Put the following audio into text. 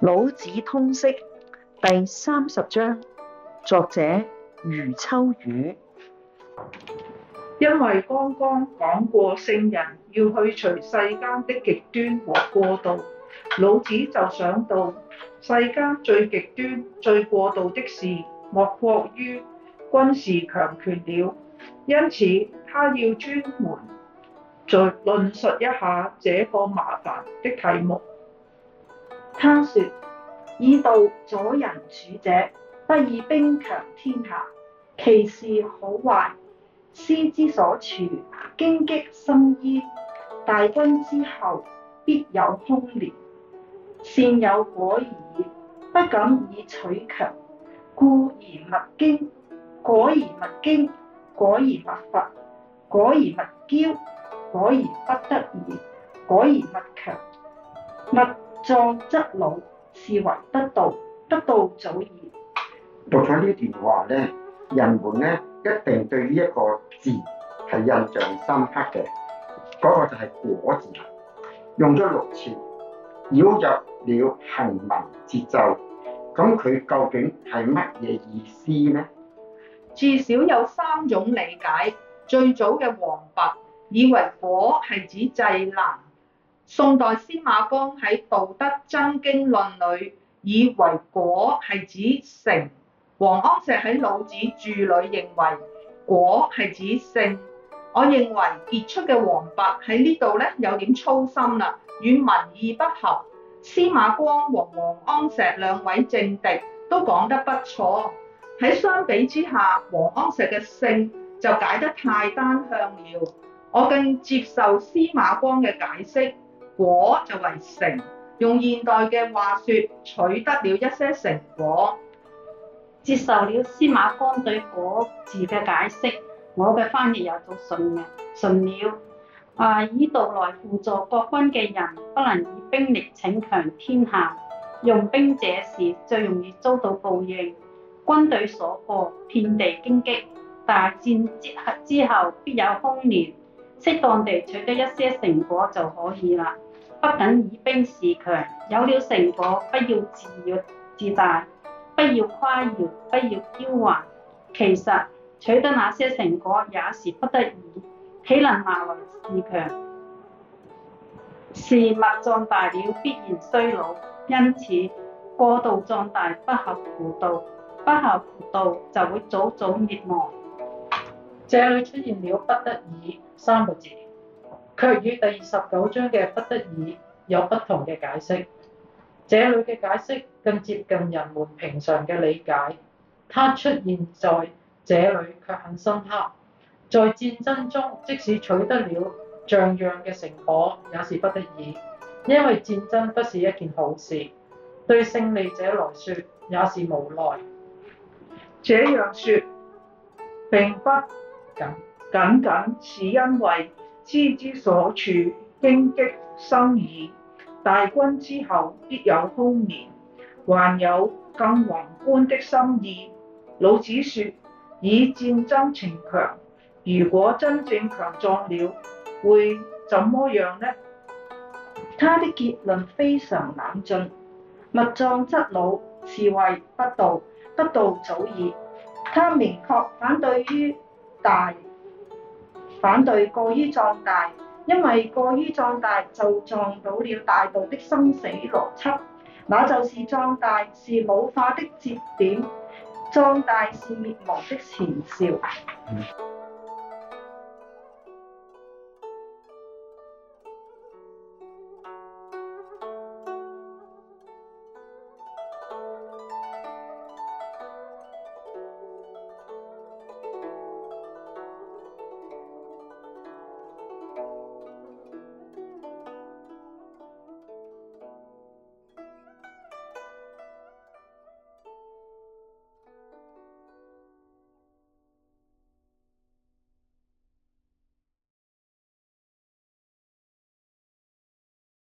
《老子通釋》第三十章，作者余秋雨。因為剛剛講過聖人要去除世間的極端和過度，老子就想到世間最極端、最過度的事，莫過於軍事強權了。因此，他要專門再論述一下這個麻煩的題目。他說，以道佐人主者，不以兵強天下。其事好壞，師之所處，荊棘生焉。大軍之後，必有凶年。善有果而已，不敢以取強，故而勿矜。果而勿矜，果而勿伐，果而勿驕，果而不得已，果而勿強。勿壯則老，是為不道，不道早已。讀咗呢段話咧，人們咧一定對呢一個字係印象深刻嘅，嗰、那個就係、是、果字啦。用咗六次，繞入了行文節奏。咁佢究竟係乜嘢意思咧？至少有三種理解。最早嘅王弼以為果係指濟難。宋代司馬光喺《道德真經論》裏以為果係指成，王安石喺《老子注》裏認為果係指勝。我認為傑出嘅王弼喺呢度咧有點粗心啦，與文意不合。司馬光和王安石兩位政敵都講得不錯，喺相比之下，王安石嘅勝就解得太單向了。我更接受司馬光嘅解釋。果就為成，用現代嘅話説，取得了一些成果。接受了司馬光對果字嘅解釋，我嘅翻譯有讀順嘅順了。啊，以道來輔助國君嘅人，不能以兵力逞強天下。用兵者是最容易遭到報應。軍隊所過，遍地荊棘。大戰接合之後，必有空年。適當地取得一些成果就可以啦。不僅以兵示強，有了成果，不要自若自大，不要誇耀，不要驕橫。其實取得那些成果也是不得已，豈能拿來示強？事物壯大了必然衰老，因此過度壯大不合乎道，不合乎道就會早早滅亡。這裡出現了不得已三個字。卻與第二十九章嘅不得已有不同嘅解釋。這裡嘅解釋更接近人們平常嘅理解。它出現在這裡卻很深刻。在戰爭中，即使取得了像樣嘅成果，也是不得已，因為戰爭不是一件好事。對勝利者來說，也是無奈。這樣說並不僅僅僅是因為。師之所處，荊棘生矣。大軍之後，必有凶年。還有更宏觀的心意。老子說：以戰爭逞強，如果真正強壯了，會怎麼樣呢？他的結論非常冷峻。物壯則老，是為不道，不道早已。他明確反對於大。反對過於壯大，因為過於壯大就撞到了大道的生死邏輯，那就是壯大是老化的節點，壯大是滅亡的前兆。嗯